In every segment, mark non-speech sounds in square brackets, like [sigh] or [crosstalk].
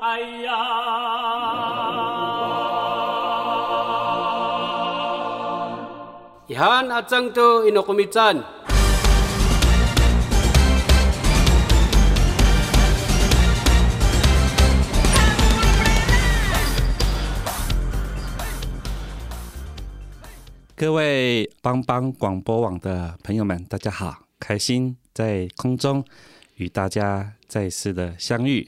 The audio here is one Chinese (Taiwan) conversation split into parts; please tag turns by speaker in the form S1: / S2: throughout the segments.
S1: 哎呀 i
S2: 各位幫幫廣播網的朋友們，大家好，開心在空中與大家再次的相遇。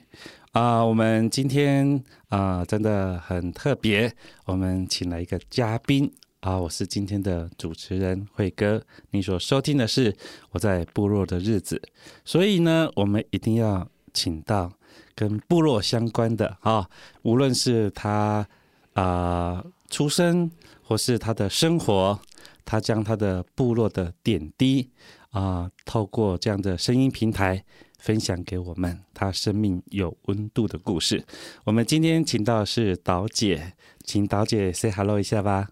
S2: 啊、呃，我們今天啊、呃，真的很特別。我們請來一個嘉賓啊、呃，我是今天的主持人慧哥。你所收聽的是我在部落的日子，所以呢，我們一定要請到跟部落相關的啊、呃，無論是他啊、呃、出生，或是他的生活，他將他的部落的點滴啊、呃，透過這樣的聲音平台。分享給我們他生命有溫度的故事。我們今天請到的是島姐，請島姐 say hello 一下吧。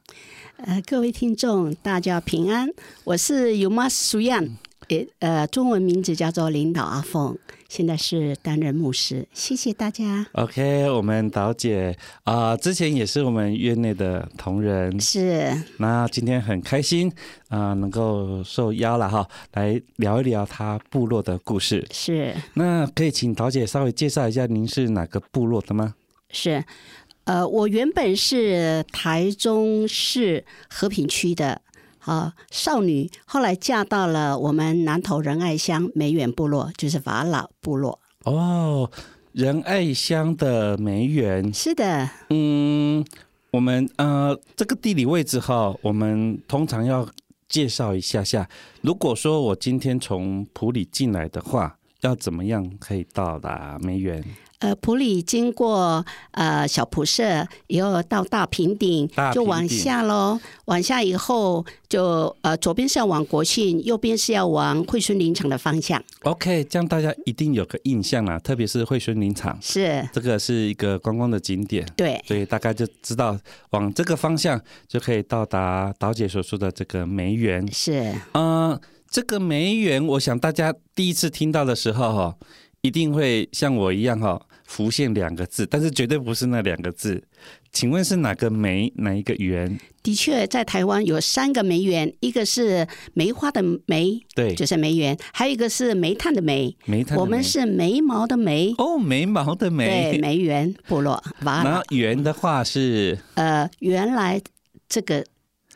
S1: 呃，各位聽眾，大家平安，我是尤瑪蘇艷。呃，中文名字叫做島阿鳳，現在是擔任牧師。謝謝大家。
S2: OK，我們島姐啊、呃，之前也是我們院內的同仁。是。那今天很開心啊、呃，能夠受邀了哈，來聊一聊她部落的故事。是。那可以請島姐稍微介紹一下您是哪個部落的嗎？
S1: 是。呃，我原本是台中市和平區的。好，少女後來嫁到了我們南投仁愛鄉眉原部落，就是法老部落。哦，
S2: 仁愛鄉的眉原，是的。嗯，我們呃，這個地理位置哈，我們通常要介紹一下下。如果說我今天從埔里進來的話，要怎麼樣可以到達眉
S1: 原？呃，埔里經過呃小埔社，然後到大平頂，平定就往下嘍。往下以後就，就呃左邊是要往國姓，右邊是要往惠蓀林場的方向。
S2: OK，這樣大家一定有個印象啦、啊，特別是惠蓀林場，是這個是一個觀光的景點。對，所以大概就知道往這個方向就可以到達島姐所說的這個梅園。是，嗯、呃，這個梅園，我想大家第一次聽到的時候、哦，哈，一定會像我一樣、哦，哈。浮現兩個字，但是絕對不是那兩個字。請問是哪個梅
S1: 哪一個園？的確，在台灣有三個梅園，一個是梅花的梅，對，就是梅園；還有一個是煤炭的煤，煤炭的煤，我們是眉毛的眉，哦，眉毛的眉，對，眉原部落。然後
S2: 園的話是
S1: 呃，原來這個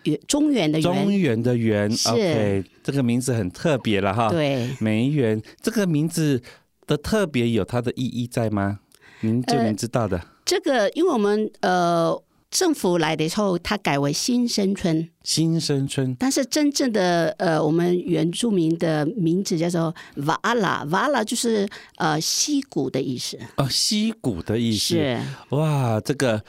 S1: 原中原的原，中
S2: 原的原，中原的原，是 okay, 這個名字很特別了哈。對，眉原這個名字的特別有它的意義在嗎？您就能知道的，
S1: 呃、這個，因為我們呃政府來的時候，他改為新生村。新生村，但是真正的呃，我們原住民的名字叫做 vala vala 就是呃溪谷的意思。
S2: 啊、哦，溪谷的意思哇，這個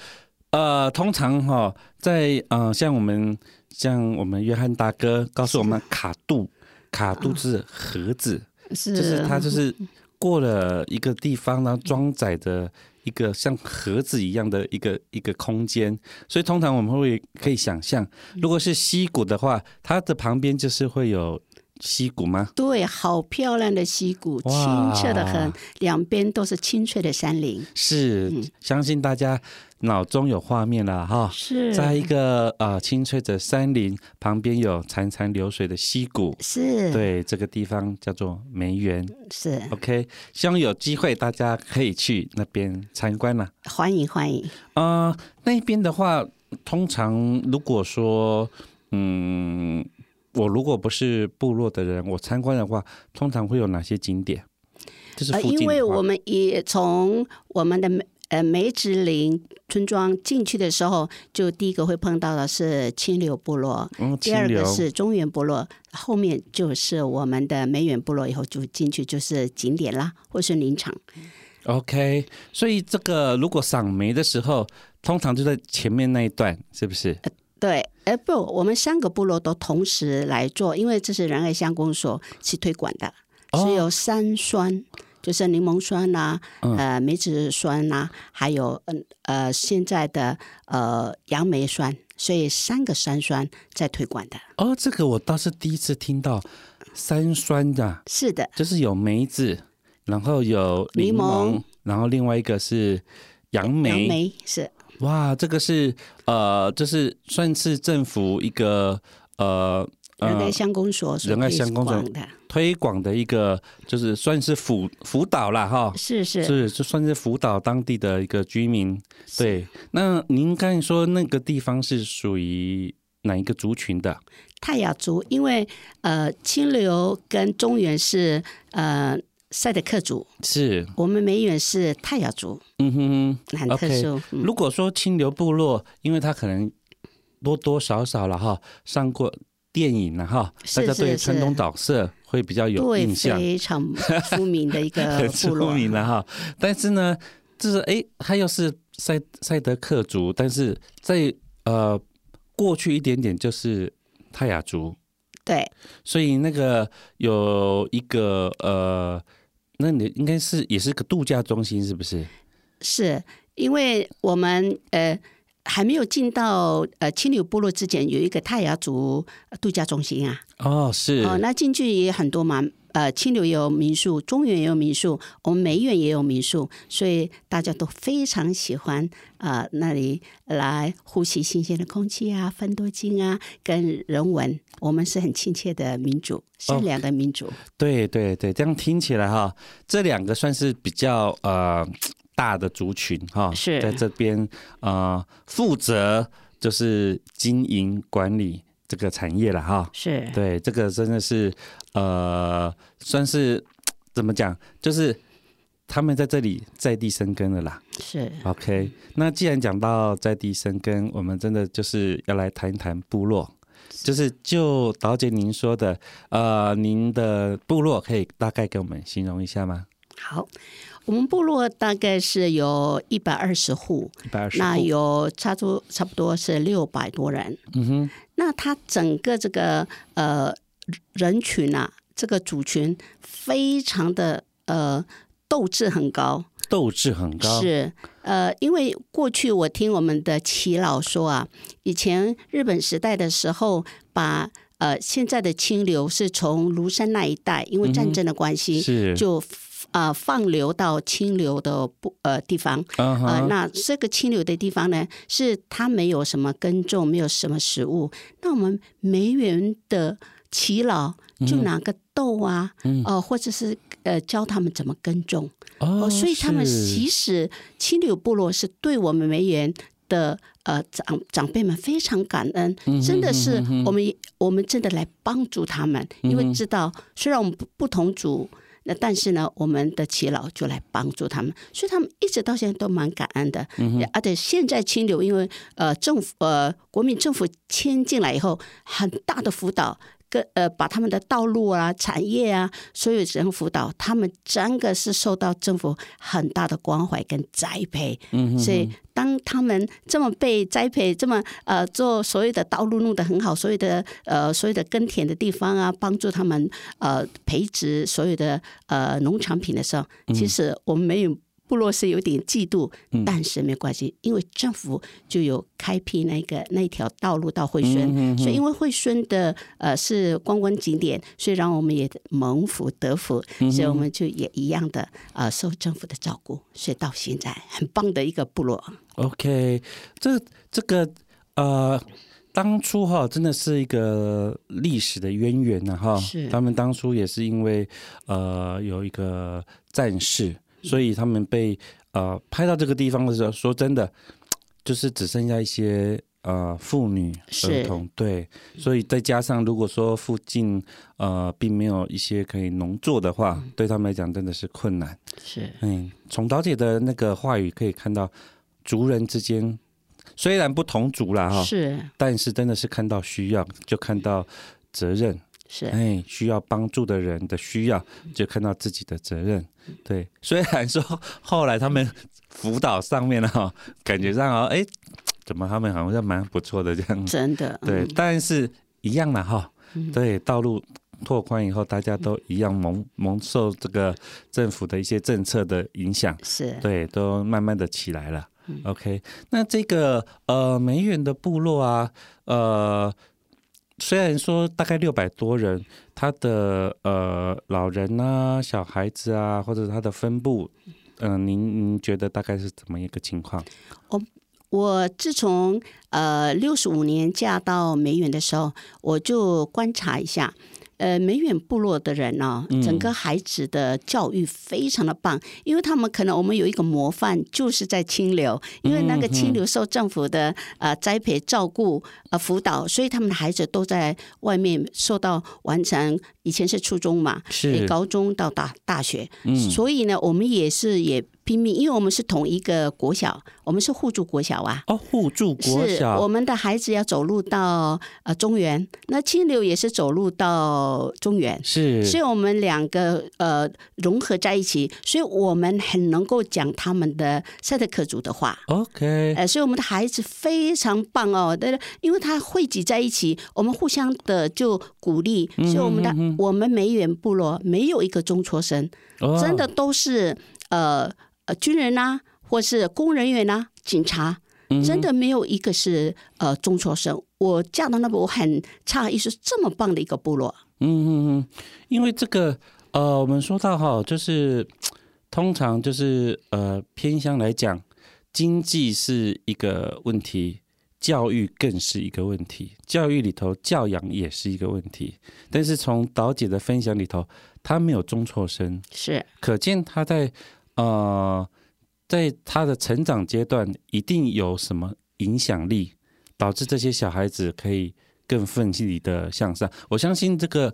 S2: 呃，通常哈、哦，在嗯、呃，像我們像我們約翰大哥告訴我們，卡度卡度是盒子，
S3: 啊、是就是他就是。
S2: 過了一個地方呢，然後裝載着一個像盒子一樣的一個一個空間，所以通常我們會可以想象，如果是溪谷的話，它的旁邊就是會有溪谷嗎？
S1: 對，好漂亮的溪谷，清澈的很，兩邊都是青翠的山林。
S2: 是，相信大家。嗯腦中有畫面了哈、哦，在一個呃青翠的山林旁邊，有潺潺流水的溪谷，是。對，這個地方叫做梅園，是 OK。希望有機會大家可以去那邊參觀了，歡迎歡迎。呃，那邊的話，通常如果說嗯，我如果不是部落的人，我參觀的話，通常會有哪些景點？就是附
S1: 近的話、呃、因為我們也從我們的呃，梅子林村莊進去的時候，就第一個會碰到的，是清流部落，嗯、第二個是中原部落，後面就是我們的眉原部落。以後就進去就是景點啦，或是林場。
S2: OK，所以這個如果賞梅的時候，通常就在前面那一段，是不是？呃、
S1: 對，哎、呃、不，我們三個部落都同時來做，因為這是仁愛鄉公所去推廣的，哦，是有三酸。就是檸檬酸吶、啊，呃，梅子酸吶、啊嗯，還有呃，現在的呃楊梅酸，所以三個酸酸在推廣的。哦，這個我倒是第一次聽到
S2: 三酸的。是的，就是有梅子，然後有檸檬，檬，然後另外一個是楊梅。楊、欸、梅是。哇，這個是呃，就是算是政府一個呃。嗯、仁愛鄉
S1: 公所是是的，仁、嗯、愛鄉公所推廣
S2: 的推廣的一個就是算是輔輔導了哈，是是是，就算是輔導當地的一個居民。對，那您剛才說那個地方是屬於哪一個族群的？
S1: 泰雅族。因為呃，清流跟中原是呃賽德克族，是我們眉原是泰雅族，嗯哼、哼，很特殊、okay 嗯。如
S2: 果說清流部落，因為他可能多多少少了哈上過電影呢？哈，大家對川中島社會比較有印象。是是
S1: 是，非常出名的一個部落 [laughs] 很出名了、
S2: 啊、哈，但是呢，就是哎、欸，他又是塞塞德克族，但是在呃過去一點點就是泰雅族。對，所以那個有一個呃，那你應該是也是個度假中心，是不
S1: 是？是因為我們呃。還沒有進到呃清流部落之前，有一個泰雅族度假中心啊。
S3: 哦，是。哦、呃，
S1: 那進去也很多嘛。呃，清流也有民宿，中原也有民宿，我們梅園也有民宿，所以大家都非常喜歡啊、呃、那裡來呼吸新鮮的空氣啊，芬多精啊，跟人文，我們是很親切的民族，善良的民族、哦。
S2: 對對對，這樣聽起來哈，這兩個算是比較呃。大的族群哈、哦，在這邊呃負責就是經營管理這個產業了哈、哦。是，對，這個真的是呃，算是怎麼講，就是他們在這裡在地生根了啦。
S1: 是
S2: ，OK。那既然講到在地生根，我們真的就是要來談一談部落，就是就島姐您說的呃，您的部落可以大概給我們形容一下嗎？
S1: 好。我們部落大概是有一百二十戶，
S3: 那有
S1: 差出差不多是六百多人。嗯哼，那他整個這個呃人群啊，這個族群非常的呃鬥志很高，
S2: 鬥志很高。是
S1: 呃，因為過去我聽我們的耆老說啊，以前日本時代的時候把，把呃現在的清流是從廬山那一帶，因為戰爭的關係，嗯、就。啊、呃，放流到清流的不、呃地方，啊、uh -huh. 呃，那這個清流的地方呢，是他沒有什麼耕種，沒有什麼食物。那我們眉原的耆老就拿個豆啊，哦、mm -hmm. 呃，或者是呃教他們怎麼耕種。哦、oh, 呃，所以他們其實清流部落是對我們眉原的呃長長輩們非常感恩，mm -hmm. 真的是我們、mm -hmm. 我們真的來幫助他們，因為知道雖然我們不不同族。那但是呢，我們的耆老就來幫助他們，所以他們一直到現在都蠻感恩的。嗯，而且現在清流，因為呃政府呃國民政府遷進來以後，很大的輔導。呃，把他們的道路啊、產業啊，所有人輔導，他們真個是受到政府很大的關懷跟栽培。嗯、哼哼。所以，當他們這麼被栽培，這麼呃做所有的道路弄得很好，所有的呃所有的耕田的地方啊，幫助他們呃培植所有的呃農產品的時候，其實我們沒有。部落是有點嫉妒，但是沒關係、嗯，因為政府就有開闢那個那條道路到惠蓀、嗯，所以因為惠蓀的呃是觀光，光景點，所以讓我們也蒙福得福、嗯，所以我們就也一樣的呃受政府的照顧，所以到現在很棒的一個部落。OK，這這個呃
S2: 當初哈真的是一個歷史的淵源呢、啊、哈，他們當初也是因為呃有一個戰士。所以他們被呃拍到這個地方的時候，說真的，就是只剩下一些呃婦女兒童是，對，所以再加上如果說附近呃並沒有一些可以農作的話、嗯，對他們來講真的是困難。
S3: 是，
S2: 嗯，從島姐的那個話語可以看到，族人之間雖然不同族啦，哈、哦，是，但是真的是看到需要就看到責任。是哎、欸，需要幫助的人的需要，就看到自己的責任。對，雖然說後來他們輔導上面呢，哈，感覺上啊，哎、欸，怎麼他們好像蠻不錯的這樣。真的，對，但是一樣嘛哈，對，道路拓寬以後、嗯，大家都一樣蒙蒙受這個政府的一些政策的影響。是，對，都慢慢的起來了。嗯、OK，那這個呃，眉原的部落啊，呃。雖然說大概六百多人，他的呃老人啊、小孩子啊，或者他的分布，嗯、呃，您您覺得大概是怎麼一個情況？我、
S1: 哦、我自從呃六十五年嫁到眉原的時候，我就觀察一下。呃，眉原部落的人呢、哦，整個孩子的教育非常的棒、嗯，因為他們可能我們有一個模範，就是在清流，因為那個清流受政府的呃栽培照顧呃輔導，所以他們的孩子都在外面受到完成，以前是初中嘛，是、哎、高中到大大學、嗯，所以呢，我們也是也。拼命，因為我們是同一個國小，我們是互助國小啊。哦，互助國小是我們的孩子要走路到呃中原，那清流也是走路到中原，是，所以我們兩個呃融合在一起，所以我們很能夠講他們的賽德克族的話。OK，呃，所以我們的孩子非常棒哦，但是因為他匯集在一起，我們互相的就鼓勵，所以我們的、嗯、我們眉原部落沒有一個中輟生、哦，真的都是呃。呃，軍人吶、啊，或是公務人員吶、啊，警察，嗯，真的沒有一個是呃中輟生。我嫁到那麼，我很詫異是這麼棒的一個部落。嗯嗯嗯，
S2: 因為這個呃，我們說到哈，就是通常就是呃偏鄉來講，經濟是一個問題，教育更是一個問題，教育裡頭教養也是一個問題。但是從島姐的分享裡頭，她沒有中輟生，是可見她在。呃，在他的成長階段，一定有什麼影響力，導致這些小孩子可以更奮起的向上。我相信這個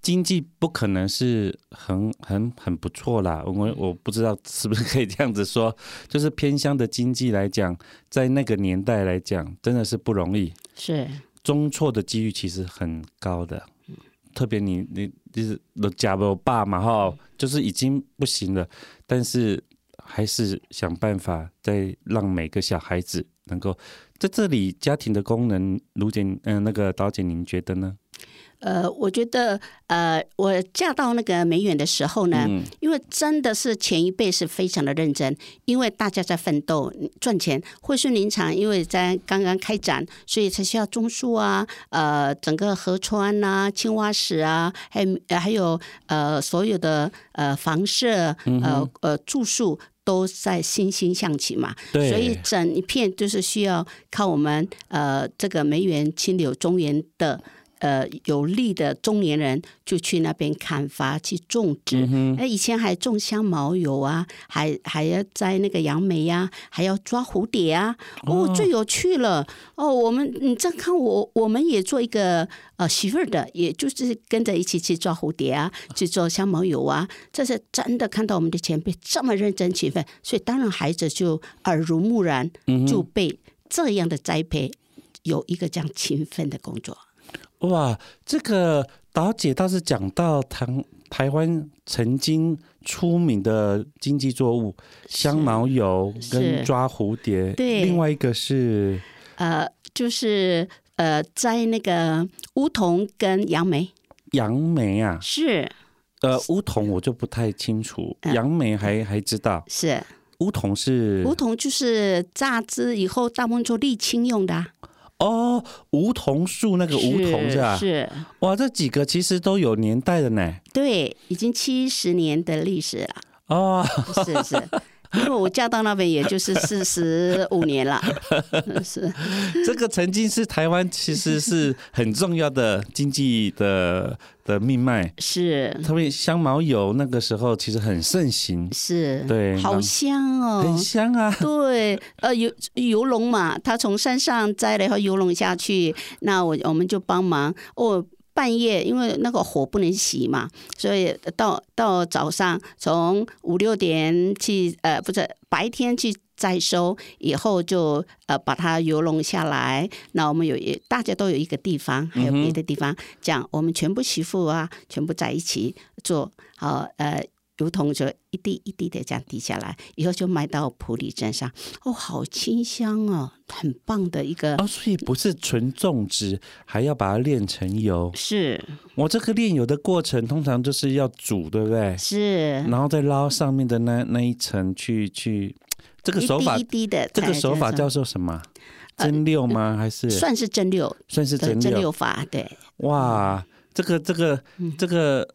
S2: 經濟不可能是很很很不錯啦，我我不知道是不是可以這樣子說，就是偏鄉的經濟來講，在那個年代來講，真的是不容易。是中輟的機率其實很高的，特別你你就是假如我爸嘛哈，就是已經不行了。但是還是想辦法再讓每個小孩子能夠在這裡，家庭的功能，盧姐，嗯，那個島姐，您覺得呢？
S1: 呃，我覺得，呃，我嫁到那個眉原的時候呢，嗯，因為真的是前一輩是非常的認真，因為大家在奮鬥賺錢。惠蓀林場因為在剛剛開展，所以才需要種樹啊，呃，整個河川啊、青蛙石啊，還還有呃所有的呃房舍，呃呃住宿都在欣欣向榮嘛，嗯，所以整一片就是需要靠我們呃這個眉原清流中原的。呃，有力的中年人就去那邊砍伐，去種植。那、嗯，以前還種香茅油啊，還還要摘那個楊梅呀，還要抓蝴蝶啊。哦，最有趣了哦！我們你再看我，我們也做一個呃媳婦兒的，也就是跟着一起去抓蝴蝶啊，去做香茅油啊。這是真的看到我們的前輩這麼認真勤奮，所以當然孩子就耳濡目染，就被這樣的栽培，有一個這樣勤奮的工作。嗯
S2: 哇，這個島姐，倒是講到台台灣曾經出名的經濟作物香茅油跟抓蝴蝶，對，另外一個是
S1: 呃，就是呃，摘那個梧桐跟楊梅。
S2: 楊梅啊，是呃，梧桐我就不太清楚，楊梅還、嗯、還知道是梧桐是梧
S1: 桐，就是榨汁以後，大部分做瀝青用的、啊。
S2: 哦，梧桐樹，那個梧桐是、啊、是，是哇，這幾個其實都有年代的呢。
S1: 對，已經七十年的歷史
S2: 了。
S1: 哦，是是。 [laughs] 因為我嫁到那邊，也就是四十五年了。 [laughs] 是，這個曾經是
S2: 台灣，其實是很重要的經濟的 [laughs] 的命脈。是，特別香茅油那個時候其實很盛行。是，對，好
S1: 香哦，嗯，很香啊。對，呃，油油龍嘛，他從山上摘了然後油龍下去，那我我們就幫忙哦。半夜，因為那個火不能熄嘛，所以到到早上，從五六點去，呃，不是白天去再收，以後就呃把它游籠下來。那我們有大家都有一個地方，還有別的地方，嗯、這樣我們全部媳婦啊，全部在一起做好呃。如同就一滴一滴的這樣滴下來，以後就賣到埔里鎮上。哦，好清香哦，很棒的一個。哦，所以不是
S2: 純種植，還要把它煉成油。是，我這個煉油的過程通常就是要煮，對不對？是。然後再撈上面的那那一層去去，
S1: 這個手法一滴一滴的這，這個手法叫
S2: 做什麼？蒸餾嗎？還是？算是
S1: 蒸餾。算是蒸餾。蒸餾法，對。
S2: 哇，這個這個這個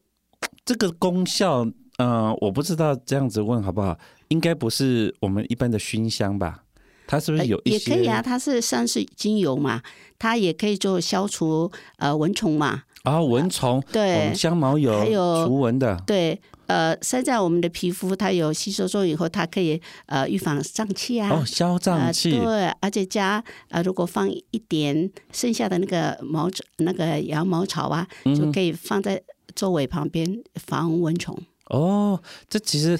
S2: 這個功效。嗯、呃，我不知道這樣子問好不好？應該不是我們一般的熏香吧？它是不是有一、呃、也可以啊，它
S1: 是算是精油嘛，它也可以就消除呃蚊蟲嘛。啊、哦，蚊蟲、呃、對、哦、香茅油還有除蚊的對呃，塞在我們的皮膚，它有吸收作用以後，它可以呃預防脹氣啊，哦，消
S2: 脹氣、呃。對，
S1: 而且加呃，如果放一點剩下的那個毛那個羊毛草啊，嗯、就可以放在周圍旁邊防蚊蟲。
S2: 哦，這其實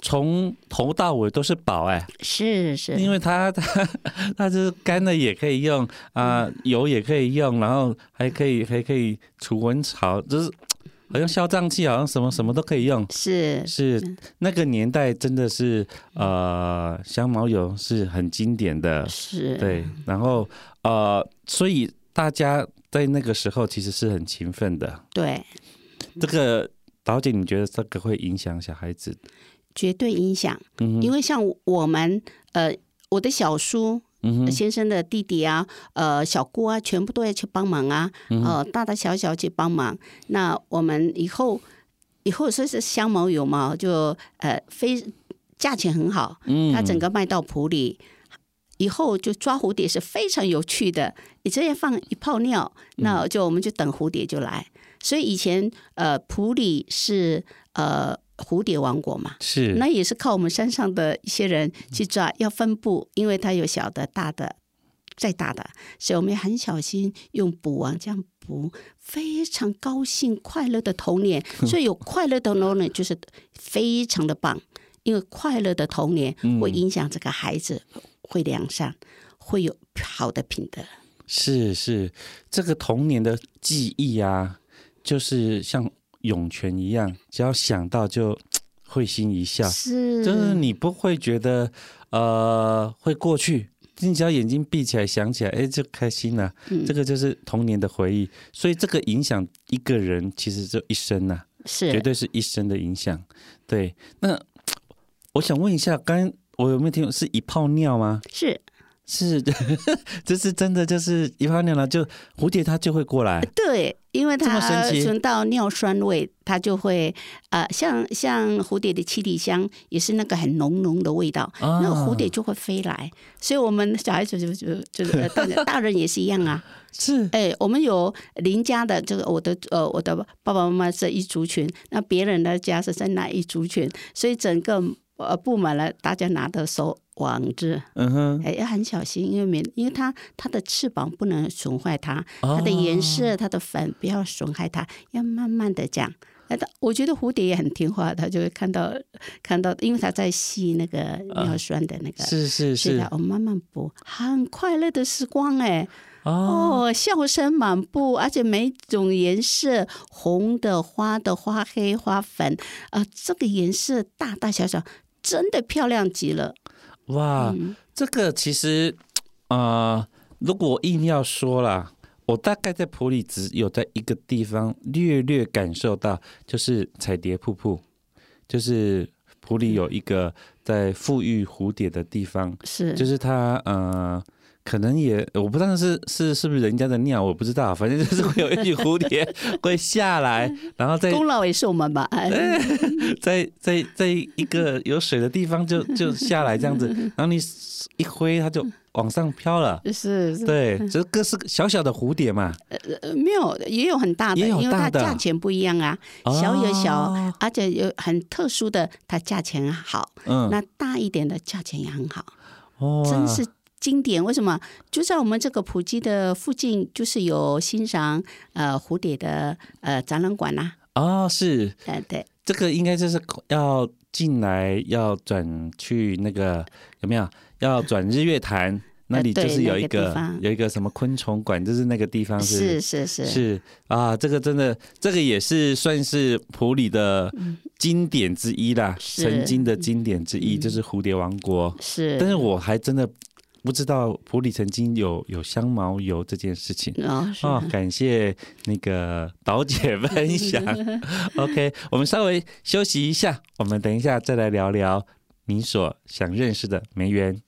S2: 從頭到尾都是寶哎、欸，是是，因為它它它就是乾的也可以用啊，呃嗯、油也可以用，然後還可以還可以除蚊草，就是好像消脹氣，好像什麼什麼都可以用，是是，嗯、是那個年代真的是呃，香茅油是很經典的，是對，然後呃，所以大家在那個時候其實是很勤奮的，對，這個。島姐，你覺
S1: 得這個會影響小孩子？絕對影響、嗯，因為像我們，呃，我的小叔、嗯、先生的弟弟啊，呃，小姑啊，全部都要去幫忙啊，呃，大大小小去幫忙、嗯。那我們以後，以後說是香茅有茅，就呃，非價錢很好，他整個賣到埔里。嗯以後就抓蝴蝶是非常有趣的。你這樣放一泡尿，那就我們就等蝴蝶就來。嗯、所以以前呃，埔里是呃蝴蝶王國嘛，是那也是靠我們山上的一些人去抓，要分布，因為它有小的、大的、再大的，所以我們也很小心用捕網，啊、這樣捕。非常高興、快樂的童年， [laughs] 所以有快樂的童年就是非常的棒，因為快樂的童年會影響這個孩子。嗯會良善，會有好的品德。
S2: 是是，這個童年的記憶啊，就是像湧泉一樣，只要想到就會心一笑。是，就是你不會覺得呃會過去，你只要眼睛閉起來，想起來，哎，就開心了、啊嗯。這個就是童年的回憶，所以這個影響一個人其實就一生吶、啊，是絕對是一生的影響。對，那我想問一下，剛。我有沒有聽過？是一泡尿嗎？是是的，這是真的，就是一泡尿了，就蝴蝶它就會過來。
S1: 對，因為它聞到尿酸味，它就會呃，像像蝴蝶的七里香，也是那個很濃濃的味道，啊、那個、蝴蝶就會飛來。所以，我們小孩子就就就大大人也是一樣啊。 [laughs] 是，哎、欸，我們有鄰家的，這個我的呃我的爸爸媽媽這一族群，那別人的家是在哪一族群？所以整個。呃，布滿了大家拿的手網子，嗯哼，uh -huh. 哎，要很小心，因為沒，因為它它的翅膀不能損壞它，它的顏色、它、oh. 的粉不要損害它，要慢慢的講。哎，我覺得蝴蝶也很聽話，它就會看到看到，因為它在吸那個尿酸的那個是是、uh. 是，我、哦、慢慢補，很快樂的時光哎、oh. 哦，笑聲滿布，而且每種顏色，紅的、花的、花黑、花粉，啊、呃，這個顏色大大小小。真的漂亮極了，
S2: 哇！嗯、這個其實啊、呃，如果硬要說啦，我大概在埔里只有在一個地方略略感受到，就是彩蝶瀑布，就是埔里有一個在復育蝴蝶的地方，是，就是它，呃。可能也，我不知道是是是不是人家的尿，我不知道，反正就是會有一只蝴蝶會下來， [laughs] 然後在功
S1: 勞也是我們吧，
S2: [laughs] 在在在一個有水的地方就就下來這樣子，然後你一揮，它就往上飄了。 [laughs] 是，
S1: 是，對，這、
S2: 就、個是小小的蝴蝶嘛？
S1: 呃呃，沒有，也有很大的，也有大的，因為它價錢不一樣啊、哦，小有小，而且有很特殊的，它價錢好，嗯，那大一點的價錢也很好，哦、啊，真是。景點為什麼就在我們這個埔里的附近？就是有欣賞呃蝴蝶的呃展覽館吶。啊、哦，是。對
S2: 對，這個應該就是要進來要轉去那個有沒有？要轉日月潭、呃、那裡就是有一個、那個、有一個什麼昆蟲館，就是那個地方是是是是，是啊，這個真的這個也是算是埔里的景點之一啦，是曾經的景點之一、嗯、就是蝴蝶王國。是，但是我還真的。不知道埔里曾經有有香茅油這件事情哦，是、啊、哦，感謝那個島姐分享。 [laughs] OK，我們稍微休息一下，我們等一下再來聊聊你所想認識的梅園。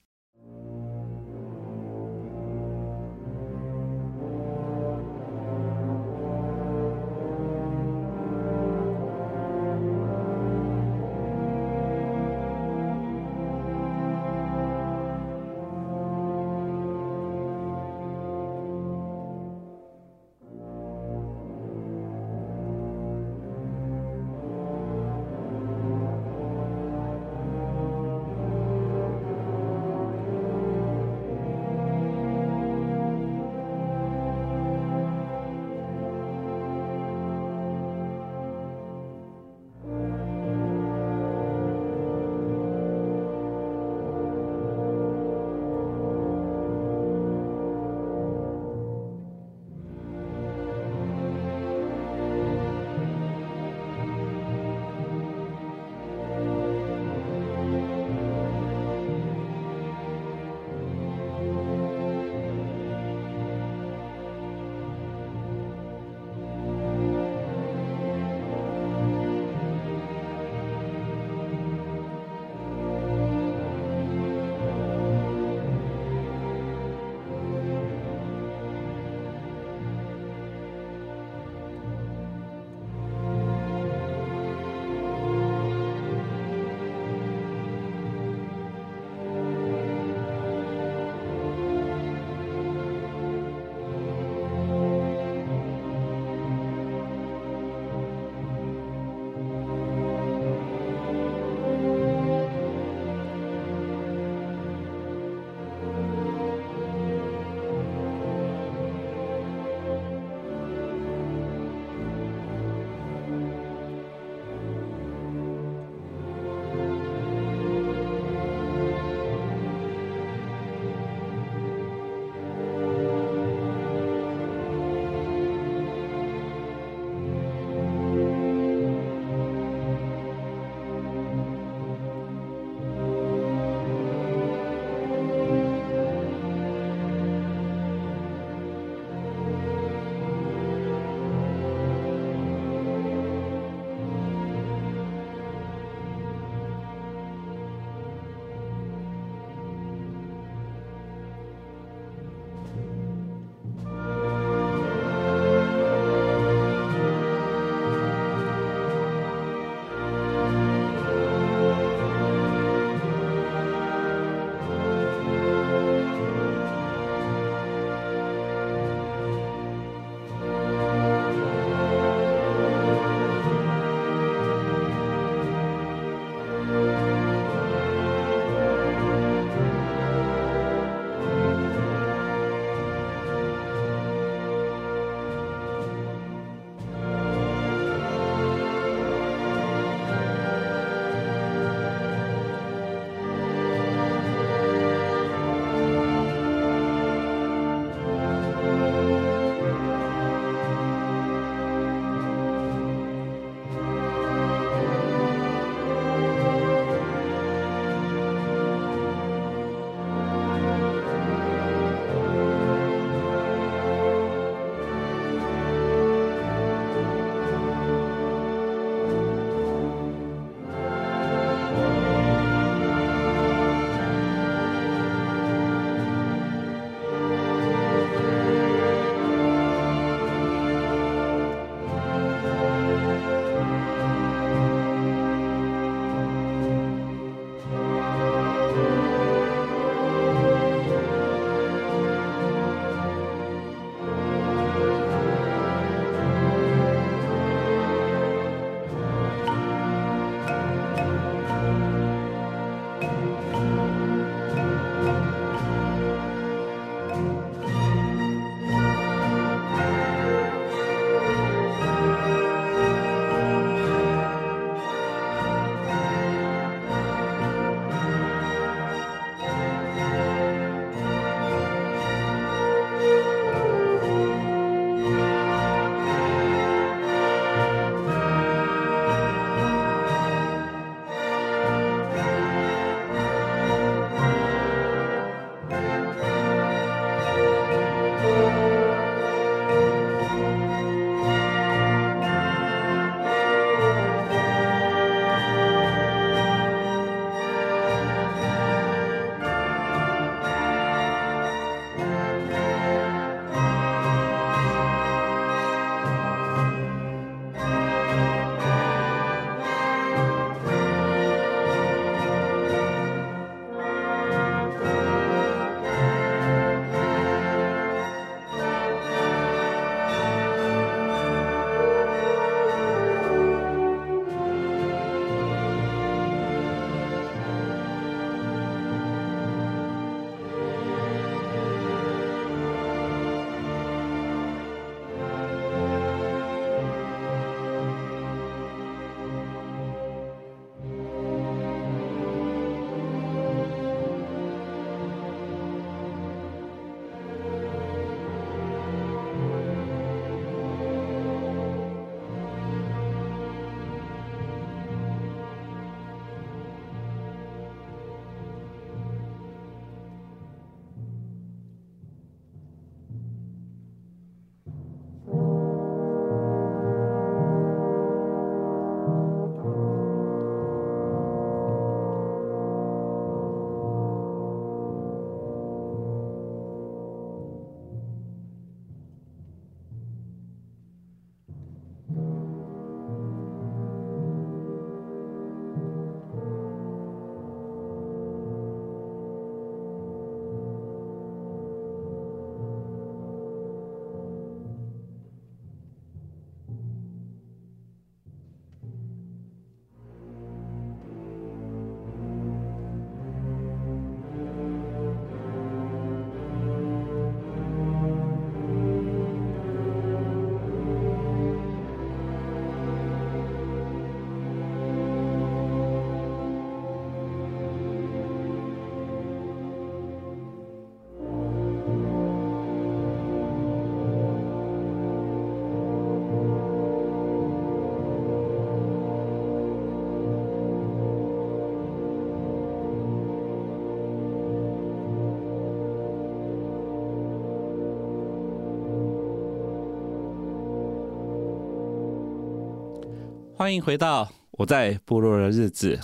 S2: 歡迎回到我在部落的日子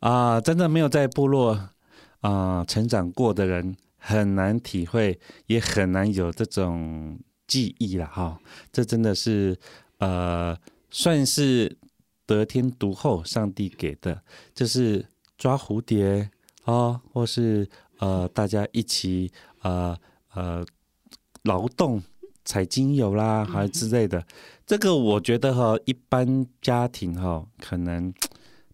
S2: 啊、呃！真的沒有在部落啊、呃、成長過的人，很難體會，也很難有這種記憶了哈、哦。這真的是呃，算是得天獨厚，上帝給的，就是抓蝴蝶啊、哦，或是呃，大家一起呃呃勞動。採精油啦，還之類的，這個我覺得哈，一般家庭哈，可能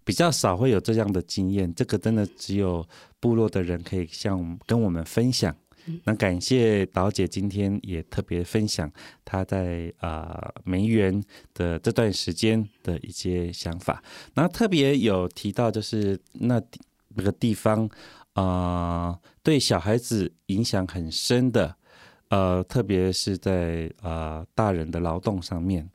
S2: 比較少會有這樣的經驗。這個真的只有部落的人可以向跟我們分享。那感謝島姐今天也特別分享她在啊、呃、梅園的這段時間的一些想法，然後特別有提到就是那那個地方啊、呃，對小孩子影響很深的。呃，特別是在呃大人的勞動上面，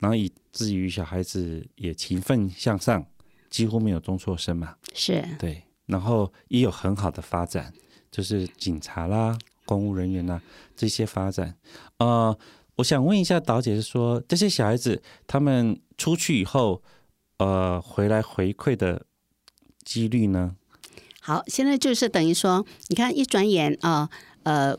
S2: 然後以至於小孩子也勤奮向上，幾乎沒有中輟生嘛，
S1: 是對，
S2: 然後也有很好的發展，就是警察啦、公務人員啦這些發展。呃，我想問一下島姐說，說這些小孩子他們出去以後，呃，回來回饋的幾率呢？
S1: 好，現在就是等於說，你看一轉眼啊，呃。呃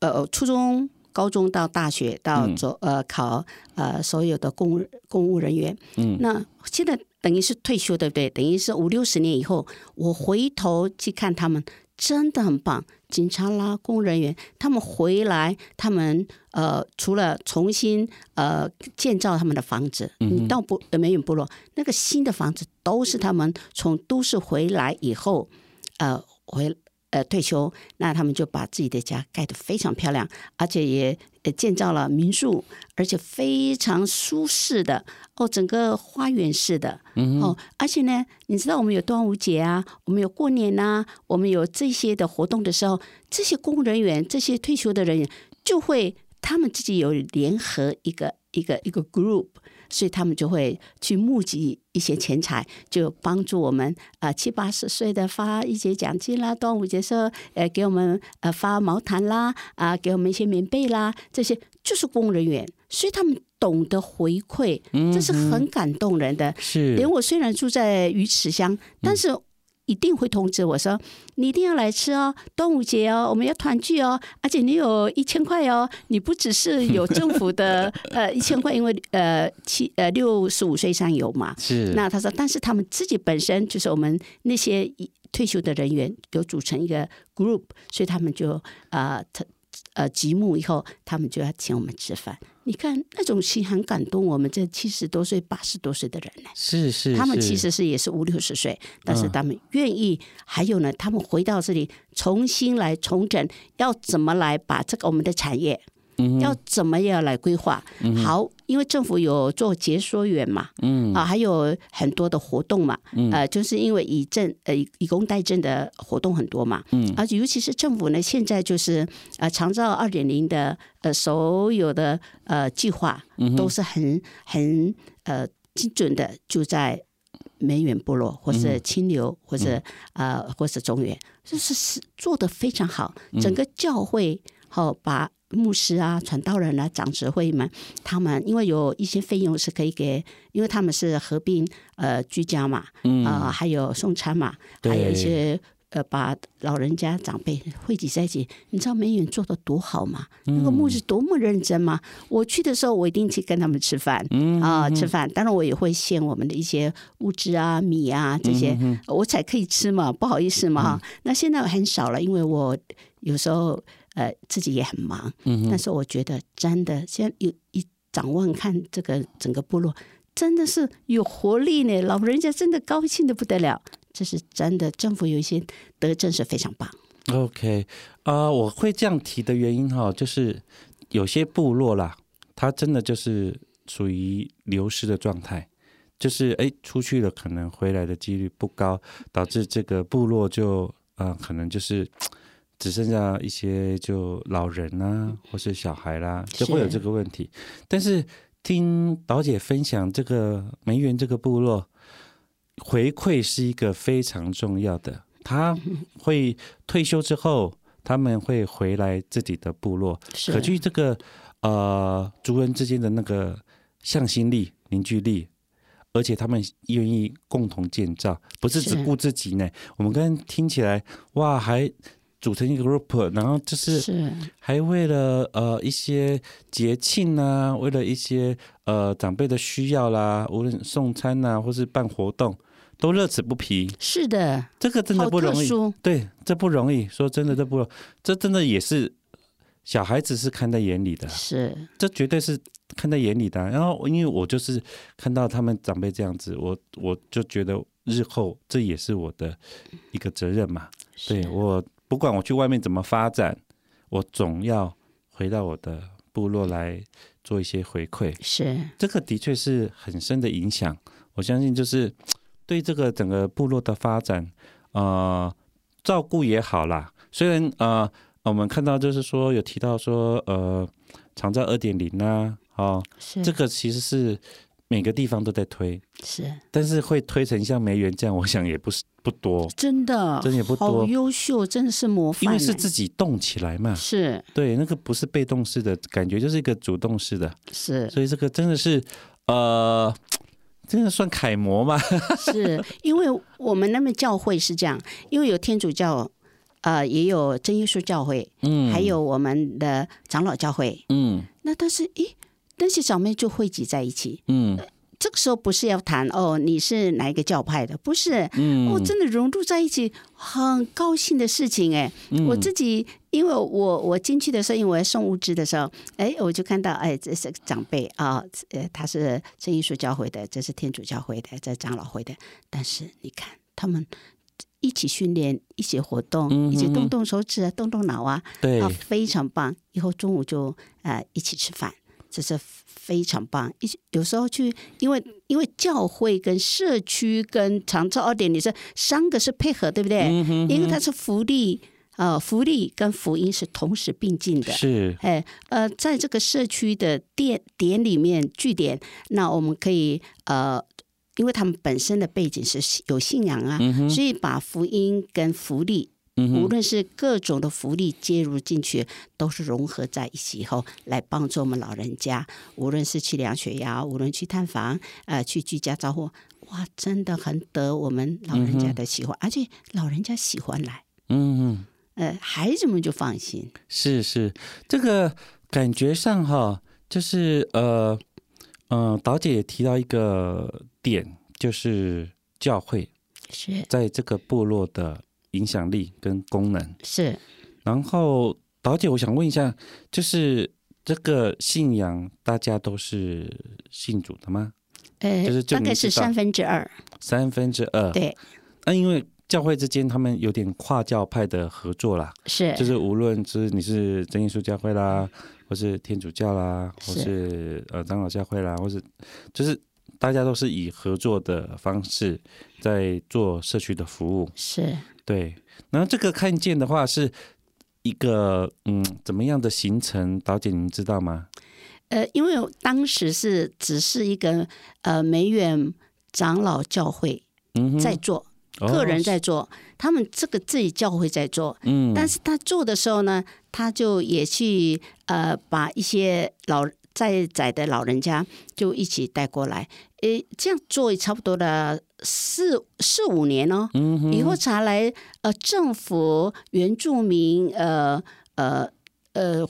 S1: 呃，初中、高中到大學，到走，呃考呃所有的公務公務人員，嗯，那現在等於是退休，對不對？等於是五六十年以後，我回頭去看他們，真的很棒，警察啦、公務人員，他們回來，他們呃，除了重新呃建造他們的房子，嗯，你到部眉原部落那個新的房子，都是他們從都市回來以後，呃回。呃，退休，那他們就把自己的家蓋得非常漂亮，而且也建造了民宿，而且非常舒適的哦，整個花園式的。嗯，哦，而且呢，你知道我們有端午節啊，我們有過年吶、啊，我們有這些的活動的時候，這些公務人員、這些退休的人員就會他們自己有聯合一個一個一個 group。所以他們就會去募集一些錢財，就幫助我們啊、呃、七八十歲的發一些獎金啦，端午節時候呃給我們呃發毛毯啦啊、呃、給我們一些棉被啦，這些就是公務人員，所以他們懂得回饋，這是很感動人的。嗯、是、連我雖然住在魚池鄉，但是、嗯。一定會通知我說，你一定要來吃哦，端午節哦，我們要團聚哦，而且你有一千塊哦，你不只是有政府的 [laughs] 呃一千塊，因為呃七呃六十五歲以上有嘛，是。那他說，但是他們自己本身就是我們那些退休的人員，有組成一個 group，所以他們就啊、呃呃，節目以後，他們就要請我們吃飯。你看那種心很感動，我們這七十多歲、八十多歲的人呢、欸，是，是是，他們其實是也是五六十歲，但是他們願意、啊。還有呢，他們回到這裡，重新來重整，要怎麼來把這個我們的產業？要怎麼樣來規劃、嗯、好，因為政府有做解說員嘛，嗯、啊，還有很多的活動嘛，嗯、呃，就是因為以政呃以工代賑的活動很多嘛、嗯，而且尤其是政府呢，現在就是呃長照2.0的呃所有的呃計劃都是很很呃精準的，就在眉原部落，或是清流，或是啊、嗯呃、或是中原，就是是做得非常好，整個教會後、嗯哦、把。牧師啊，傳道人啊，長執會們，他們因為有一些費用是可以給，因為他們是合併呃居家嘛，啊、呃、還有送餐嘛，還有一些呃把老人家長輩匯集在一起，你知道眉原做得多好嗎、嗯？那個牧師多麼認真嗎？我去的時候，我一定去跟他們吃飯啊、嗯呃、吃飯，當然我也會獻我們的一些物資啊米啊這些、嗯，我才可以吃嘛，不好意思嘛。嗯、那現在很少了，因為我有時候。呃，自己也很忙，嗯，但是我覺得真的，先有一展望看這個整個部落，真的是有活力呢。老人家真的高興的不得了，這是真的。政府有一些德政是非常棒。
S2: OK，啊、呃，我會這樣提的原因哈、哦，就是有些部落啦，它真的就是屬於流失的狀態，就是哎出去了，可能回來的幾率不高，導致這個部落就呃可能就是。只剩下一些就老人啊，或是小孩啦、啊，就會有這個問題。是但是聽島姐分享這個梅園這個部落回饋是一個非常重要的，他會退休之後他們會回來自己的部落，可去據這個呃族人之間的那個向心力凝聚力，而且他們願意共同建造，不是只顧自己呢。我們剛剛聽起來哇還。組成一個 group，然後就是還為了呃一些節慶啊，為了一些呃長輩的需要啦，無論送餐吶、啊，或是辦活動，都樂此不疲。
S1: 是的，這個真的不容易。對，
S2: 這不容易。說真的，這不容易，這真的也是小孩子是看在眼裡的。是，這絕對是看在眼裡的、啊。然後，因為我就是看到他們長輩這樣子，我我就覺得日後這也是我的一個責任嘛。對，我。不管我去外面怎麼發展，我總要回到我的部落來做一些回饋。是。這個的確是很深的影響。我相信，就是對這個整個部落的發展，呃，照顧也好啦。雖然呃，我們看到就是說有提到說呃，長照二點零啊，哦、呃，是這個其實是每個地方都在推，
S1: 是，
S2: 但是會推成像梅園這樣，我想也不是。不多，真
S1: 的，真的也不多，好優秀，真的是模範，欸。因為是自己
S2: 動起來嘛，是，對那個不是被動式的，感覺就是一個主動式的，是。所以這個真的是，呃，真的算楷模嘛？ [laughs]
S1: 是，因為我們那邊教會是這樣，因為有天主教，呃，也有真耶穌教會，嗯，還有我們的長老教會，嗯，那但是，咦，但是小妹就匯集在一起，嗯。這個時候不是要談哦，你是哪一個教派的？不是，我、嗯哦、真的融入在一起，很高興的事情。哎、嗯，我自己，因為我我進去的時候，因為我要送物資的時候，哎，我就看到哎，這是長輩啊、哦，呃，他是聖義書教會的，這是天主教會的，這是長老會的。但是你看，他們一起訓練，一起活動，一起動動手指啊，嗯、動動腦啊，對、哦，非常棒。以後中午就呃一起吃飯。這是非常棒。一有時候去，因為因為教會跟社區跟長照二點零，你說三個是配合，對不對？嗯、因為它是福利呃，福利跟福音是同時並進的。是。哎，呃，在這個社區的店點，點裡面據點，那我們可以呃，因為他們本身的背景是有信仰啊，嗯、所以把福音跟福利。無論是各種的福利接入進去，嗯、都是融合在一起以後，來幫助我們老人家。無論是去量血壓，無論去探訪，呃，去居家照顧，哇，真的很得我們老人家的喜歡，嗯啊、而且老人家喜歡來。嗯嗯，呃，孩子們就放心。
S2: 是是，這個感覺上哈，就是呃，嗯、呃，島姐也提到一個點，就是教會是在這個部落的。影響力跟功能是，然後島姐，我想問一下，就是這個信仰，大家都是信主的嗎？
S1: 呃，就是、就大概是三分之二，
S2: 三分之二，對。那、啊、因為教會之間他們有點跨教派的合作啦，是，就是無論是你是真耶穌教會啦，或是天主教啦，是或是呃長老教會啦，或是就是大家都是以合作的方式在做社區的服務，是。對，然後這個看見的話是一個嗯怎麼樣的形成？島姐您知道嗎？
S1: 呃，因為當時是只是一個呃眉原長老教會在做，嗯、個人在做、哦，他們這個自己教會在做。嗯，但是他做的時候呢，他就也去呃把一些老。在仔的老人家就一起帶過來，誒、欸，這樣做也差不多了四四五年哦、喔嗯，以後才來呃，政府原住民呃呃呃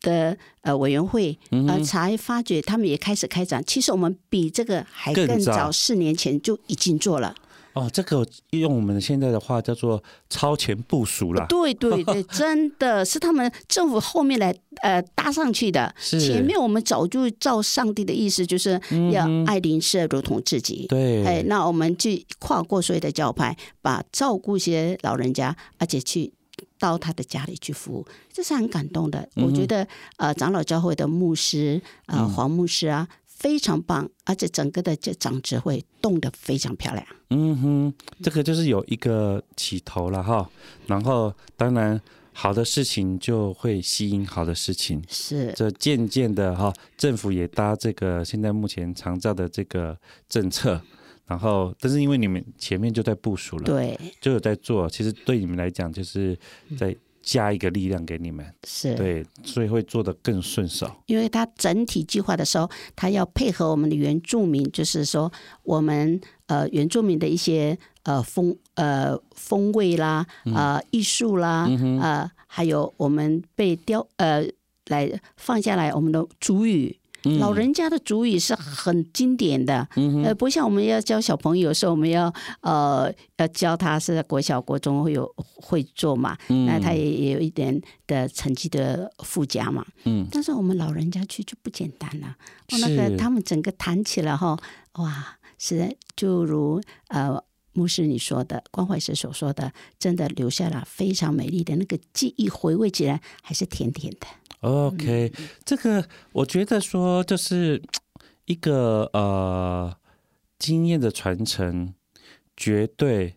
S1: 的呃委員會，呃、嗯、才發覺他們也開始開展。其實我們比這個還更早，四
S2: 年前就已經做了。哦，這個用我們現在的話叫做超前部
S1: 署了。對對對，真的 [laughs] 是他們政府後面來呃搭上去的。是。前面我們早就照上帝的意思，就是要愛鄰舍如同自己。嗯、對、哎。那我們去跨過所有的教派，把照顧一些老人家，而且去到他的家裡去服務，這是很感動的。嗯、我覺得呃，長老教會的牧師啊、呃，黃牧師啊。嗯非常棒，而且整個的這長勢會動得非常漂
S2: 亮。嗯哼，這個就是有一個起頭了哈。然後，當然好的事情就會吸引好的事情，是這漸漸的哈。政府也搭這個，現在目前長照的這個政策，然後但是因為你們前面就在部署了，對，就有在做。其實對你們來講，就是在、嗯。加一個力量給你們是，對，所以會做得更順手。
S1: 因為他整體計劃的時候，他要配合我們的原住民，就是說我們呃原住民的一些呃風呃風味啦，呃藝術啦，嗯、呃還有我們被雕呃來放下來我們的祖語。老人家的主語是很經典的，呃、嗯，不像我們要教小朋友的時候，我們要呃要教他是在國小國中會有會做嘛、嗯，那他也有一點的成績的附加嘛。嗯。但是我們老人家去就不簡單了、啊，哦那個他們整個談起來哈，哇，是就如呃牧師你說的，關懷師所說的，真的留下了非常美麗的那個記憶，回味起來還是甜甜的。
S2: OK，、嗯、這個我覺得說就是一個呃經驗的傳承，絕對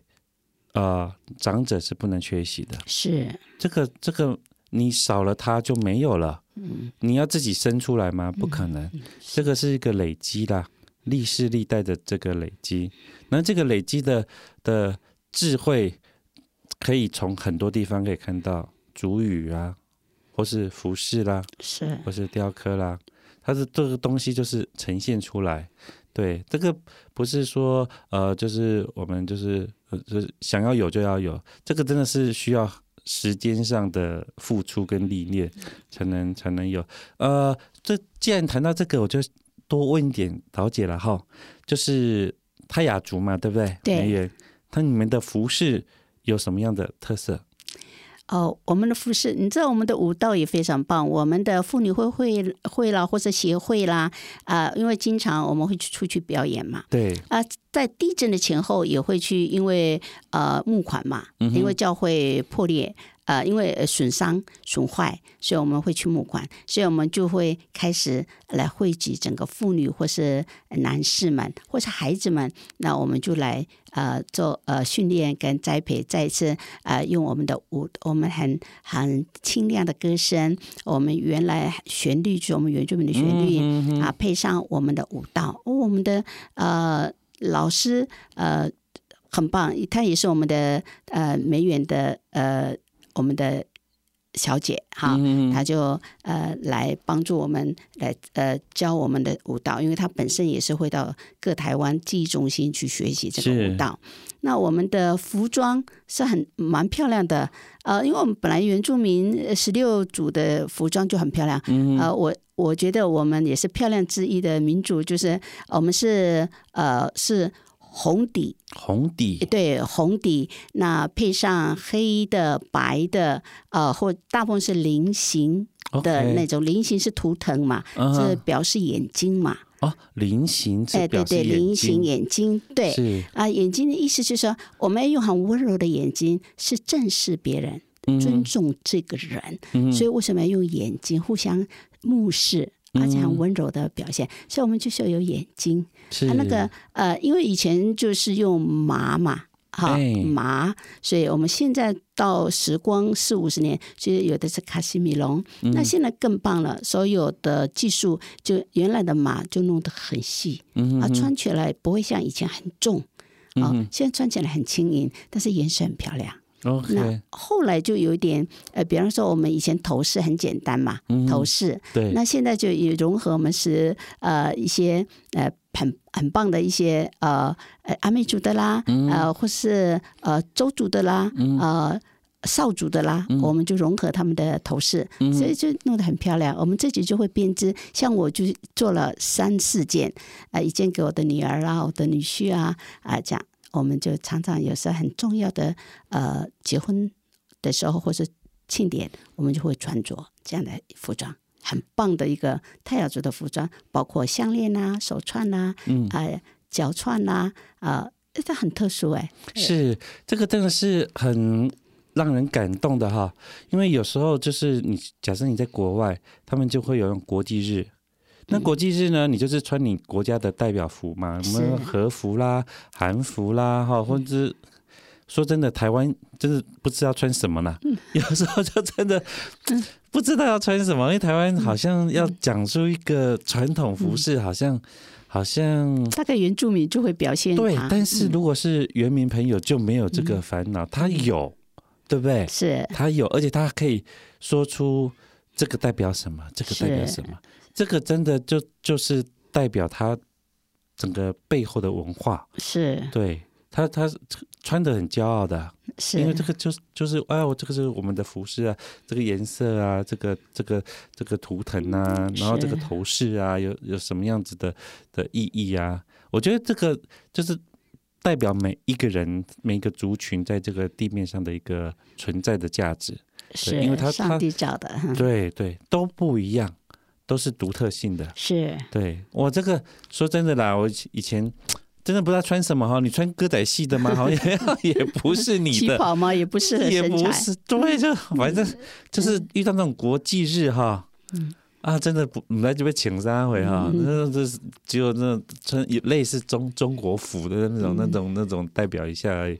S2: 呃長者是不能缺席的。是這個這個你少了它就沒有了、嗯。你要自己生出來嗎？不可能，嗯、這個是一個累積的，歷世歷代的這個累積。那這個累積的的智慧，可以從很多地方可以看到，族語啊。不是服飾啦，是，不是雕刻啦，它，是這個東西就是呈現出來。對，這個不是說呃，就是我們就是呃，就是、想要有就要有，這個真的是需要時間上的付出跟歷練、嗯，才能才能有。呃，這既然談到這個，我就多問一點導解了哈，就是泰雅族嘛，對不對？對。他你們的服飾有什麼樣的特色？
S1: 哦、oh，我們的服飾，你知道我們的舞蹈也非常棒。我們的婦女會會會啦，或者協會啦，啊、呃，因為經常我們會去出去表演嘛。對啊，在地震的前後也會去，因為呃募款嘛，因為教會破裂。嗯呃，因為損傷損壞，所以我們會去募款，所以我們就會開始來匯集整個婦女或是男士們，或是孩子們，那我們就來呃做呃訓練跟栽培，再一次呃用我們的舞，我們很很清亮的歌聲，我們原來旋律，我們原住民的旋律啊、嗯呃，配上我們的舞蹈，哦、我們的呃老師呃很棒，他也是我們的呃梅園的呃。我們的小姐哈、嗯，她就呃來幫助我們來呃教我們的舞蹈，因為她本身也是會到各台灣記憶中心去學習這個舞蹈。那我們的服裝是很蠻漂亮的，呃，因為我們本來原住民十六族的服裝就很漂亮，嗯、呃，我我覺得我們也是漂亮之一的民族，就是我們是呃是。紅底，紅底，對，紅底。那配上黑的、白的，呃，或大部分是菱形的那種，okay、菱形是圖騰嘛，這、uh -huh 就是、表示眼睛嘛。
S2: 哦，菱形是表示眼睛。對對，對，菱形眼
S1: 睛，對。啊，眼睛的意思就是說，我們要用很溫柔的眼睛，是正視別人，嗯、尊重這個人、嗯。所以為什麼要用眼睛互相目視，而且很溫柔的表現、嗯？所以我們就需要有眼睛。它、啊、那個呃，因為以前就是用麻嘛，哈、啊、麻、哎，所以我們現在到時光四五十年，所以有的是卡西米龍，嗯、那現在更棒了，所有的技術就原來的麻就弄得很細，啊、嗯，穿起來不會像以前很重，啊，現在穿起來很輕盈，但是顏色很漂亮。Okay. 那後來就有一點，呃，比方說我們以前頭飾很簡單嘛，頭、嗯、飾。對。那現在就也融合我們是呃一些呃很很棒的一些呃呃阿美族的啦，嗯、呃或是呃鄒族的啦，嗯、呃邵族的啦、嗯，我們就融合他們的頭飾、嗯，所以就弄得很漂亮。我們自己就會編織，像我就做了三四件，啊、呃，一件給我的女兒啦，我的女婿啊，啊這樣。我們就常常有時候很重要的，呃，結婚的時候或是慶典，我們就會穿着這樣的服裝，很棒的一個泰雅族的服裝，包括項鏈啊、手串吶、啊，嗯，啊、呃，腳串吶，啊，它、呃、很特殊哎、欸。
S2: 是，這個真的是很讓人感動的哈，因為有時候就是你假設你在國外，他們就會有用國際日。那國際日呢？你就是穿你國家的代表服嘛，什麼和服啦、韓服啦，哈，或者說真的，台灣真的不知道穿什麼啦、嗯。有時候就真的不知道要穿什麼，因為台灣好像要講出一個傳統服飾、嗯，好像好像
S1: 大概原住民就會表現。對、嗯，但是如
S2: 果是原民朋友就沒有這個煩惱、嗯，他有，對不對？是，他有，而且他可以說出這個代表什麼，這個代表什麼。這個真的就就是代表他整個背後的文化，是，對，他他穿得很驕傲的，是，因為這個就是就是哎，我、哦、這個是我們的服飾啊，這個顏色啊，這個這個這個圖騰啊，然後這個頭飾啊，有有什麼樣子的的意義啊？我覺得這個就是代表每一個人每一個族群在這個地面上的一個存在的價值，是，因為他上帝
S1: 找的，嗯、
S2: 對對，都不一樣。都是獨特性的，是，對。我這個說真的啦，我以前真的不知道穿什麼哈，你穿歌仔戲的嗎？好 [laughs] 像也不是，你的旗袍
S1: 嗎？也不是，也不是，對，就
S2: 反正就是遇到那種國際日哈、嗯，啊，真的不你來這邊請三回哈，只有那這是就那穿類似中中國服的那種、嗯、那種那種，那種代表一下而已。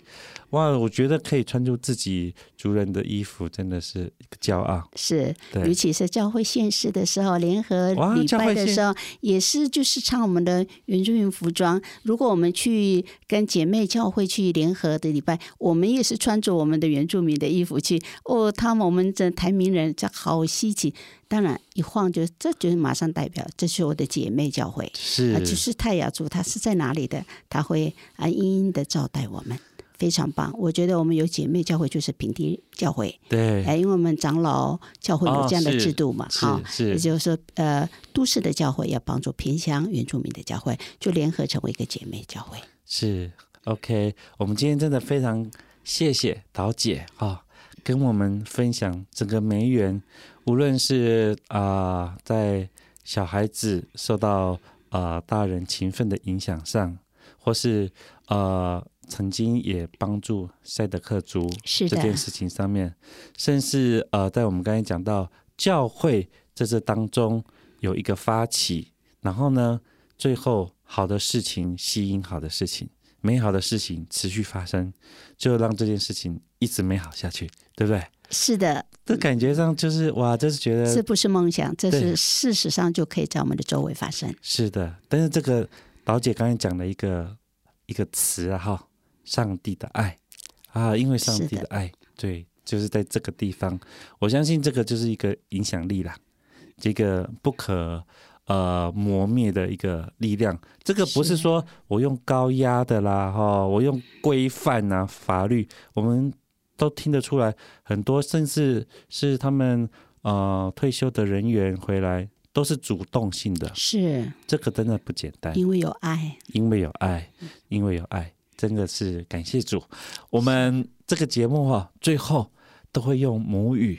S2: 哇，我覺得可以穿着自己族人的衣服，真的是一個驕傲。是，對。尤
S1: 其是教會獻詩的時候，聯合禮拜的時候，也是就是穿我們的原住民服裝。如果我們去跟姐妹教會去聯合的禮拜，我們也是穿着我們的原住民的衣服去。哦，他們我們這台名人這好稀奇，當然一晃就，這就是馬上代表，這是我的姐妹教會。是，啊、就是泰雅族，他是在哪裡的？他會啊殷殷的招待我們。非常棒，我覺得我們有姐妹教會就是平地教會，對，哎、呃，因為我們長老教會有這樣的制度嘛，哈、哦哦，是，也就是說，呃，都市的教會要幫助偏鄉原住民的教會，就聯合成為一個姐妹教會。
S2: 是，OK，我們今天真的非常謝謝島姐哈、哦，跟我們分享整個梅園，無論是啊、呃，在小孩子受到啊、呃、大人勤奮的影響上，或是呃。曾經也幫助賽德克族這件事情上面，是甚至呃，在我們剛才講到教會，在這當中有一個發起，然後呢，最後好的事情吸引好的事情，美好的事情持續發生，就讓這件事情一直美好下去，對不對？
S1: 是的，這
S2: 感覺上就是哇，這是覺得這
S1: 不是夢想，這是事實上就可以在我們的周圍發生。
S2: 是的，但是這個島姐剛才講的一個一個詞啊，哈。上帝的愛啊，因為上帝的愛的，對，就是在這個地方，我相信這個就是一個影響力啦，這個不可呃磨滅的一個力量。這個不是說我用高壓的啦，哈，我用規範啊、法律，我們都聽得出來，很多甚至是他們呃退休的人員回來都是主動性的，是這個真的不簡單，因為有愛，因為有愛，因為有愛。真的是感謝主，我們這個節目哈，最後都會用母語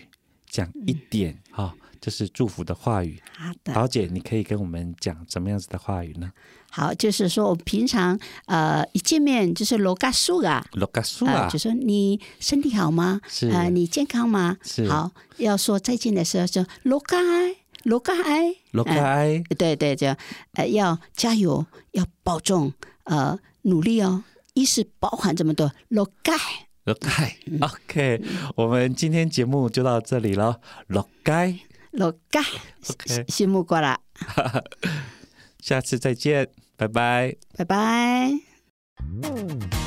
S2: 講一點哈，就是祝福的話語。好、嗯、的，寶姐，你可以跟我們講怎麼樣子的話語呢？
S1: 好，就是說我們平常呃一見面就是羅嘎蘇啊，羅
S2: 嘎蘇啊，就說
S1: 你身體好嗎？是，啊、呃，你健康嗎？是。好，要說再見的時候就羅嘎愛，羅嘎愛，羅嘎愛，呃、對，對對，就呃要加油，要保重，呃努力哦。一是包含這麼多，樂蓋，
S2: 樂蓋，OK，、嗯、我們今天節目就到這裡咯六六、okay、了，樂蓋，樂蓋，OK，節目過了，下次再見，拜拜，拜拜。嗯